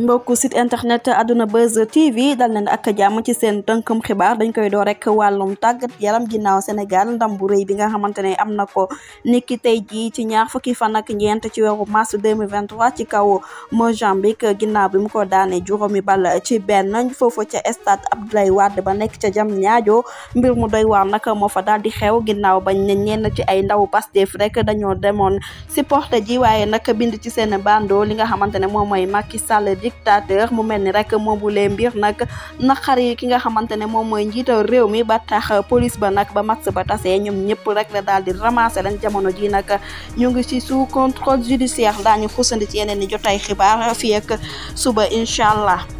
mbokku site internet Adouna Buzz TV dal leen ak jàmm ci seen tënkum xibaar dañ koy door rek wàllum tàggat yaram ginnaaw Sénégal ndam bu rëy bi nga xamante ne am na ko niki tey jii ci ñaar fukki fan nak ñeent ci weeru mars 2023 ci kaw Mozambique ginnaaw bi mu ko daane juróomi bal ci benn foofu ca stade Abdoulaye Wade ba nekk ca jam Diamniadio mbir mu doy waar nag moo fa daal di xew ginnaaw bañ ne ñenn ci ay ndaw Pastef rek dañoo demoon supporter ji waaye nag ci seen bando li nga xamante ne moom dictateur mu mel ni rek moom bu lee mbir nag naqar yi ki nga xamante ne moom mooy njiital réew mi ba tax police ba nag ba max ba tasee ñoom ñëpp rek la daal di ramasser leen jamono ji nag ñu ngi ci sous contrôle judiciaire ñu xusandi ci yeneen ni jotay xibaar fii ak suba incha allah